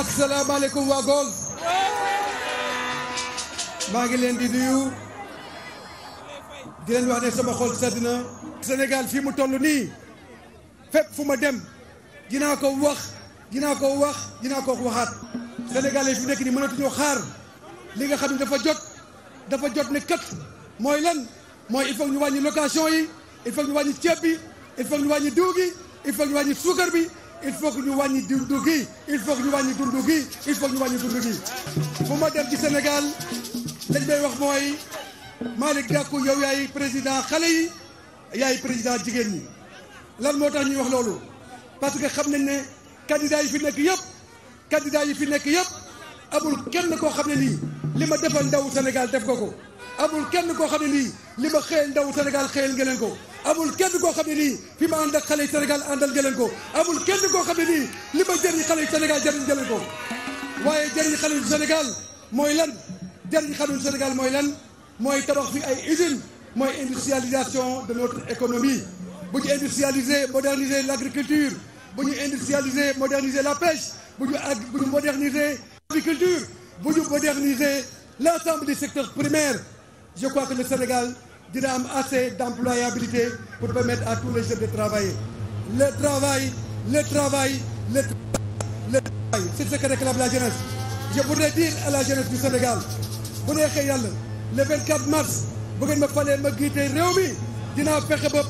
ak salaamaaleykum waa Gol maa ngi leen di nuyu di wax ne sama xol sedd na Sénégal fii mu toll nii fépp fu ma dem dinaa ko wax dinaa ko wax dinaa ko waxaat sénégalais fi nekk nii mënatuñoo xaar li nga xam ne dafa jot dafa jot ne kat mooy lan mooy il faut ñu wàññi location yi il faut ñu wàññi ceeb bi il faut ñu wàññi diw gi il faut ñu wàññi suukar bi il faut que ñu wàññi dundu gi il faut que ñu wàññi dundu gi il faut que ñu wàññi dundu gi bu ma dem ci Sénégal lañ may wax mooy Malick Gakou yow yaay président xale yi yaay président jigéen ñi lan moo tax ñuy wax loolu parce que xam nañ ne candidat yi fi nekk yëpp candidat yi fi nekk yëpp amul kenn koo xam ne nii li ma defal ndaw Sénégal def ko ko amul kenn koo xam ne nii li ma xëyal ndaw Sénégal xëyal nga leen ko amul kenn koo xam ne nii fi ma ànd ak xale yi Sénégal àndal nga leen ko amul kenn koo xam ne nii li ma jëriñ xale yi Sénégal jëriñ nga leen ko waaye jëriñ xale Sénégal mooy lan jëriñ xale yu Sénégal mooy lan mooy tabax fi ay usines mooy industrialisation de notre économie bu ñu industrialiser moderniser l' agriculture bu ñu industrialiser moderniser la pêche bu ñu ag bu ñu moderniser l'agriculture bu ñu moderniser l' ensemble du secteur primaire je crois que le Sénégal dina am assez d'employabilité pour permettre à tous les jeunes de travailler le travail le travail le travail le travail c'est ce que réclame la jeunesse je voudrais dire à la jeunesse du Sénégal bu neexee yàlla le 24 mars bu de ma falee ma jiite réew mi dinaa fexe ba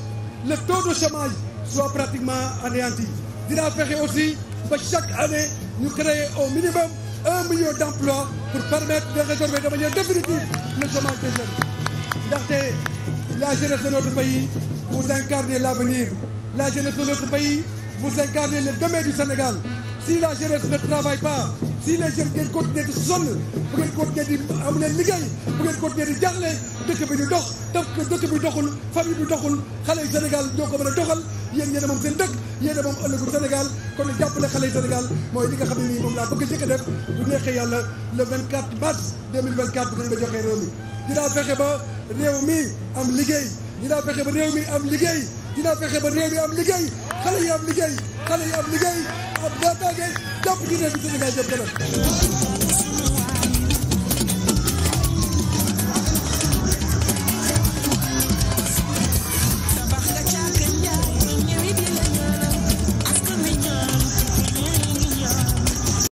le taux de chômage soit pratiquement anéanti dinaa fexe aussi ba chaque année ñu créer au minimum un million d'emplois pour permettre de résorber de manière définitive le chômage ndaxte la jeunesse de notre pays vous incarnez l'avenir la jeunesse de notre pays vous incarnez le demain du Sénégal si la jeunesse ne travaille pas si les jeunes ngeen continuer di sonn bu ngeen continuer di am leen liggéey bu ngeen continuer di jàngle dëkk bi ñu dox taf dëkk bi doxul famille bi doxul xale yu Sénégal ñoo ko mën a doxal yéen yéen a moom seen dëkk yéen moom ëllëgu Sénégal kon jàppale xale yu Sénégal mooy li nga xam ne nii moom laa bu neexee yàlla le 24 mars 2024 bu ngeen ma dinaa fexe ba réew mi am liggéey dinaa fexe ba réew mi am liggéey dinaa fexe ba réew mi am liggéey xale yi am liggéey xale yi am liggéey am naataange jàpp ci réew mi Sénégal jëm kanam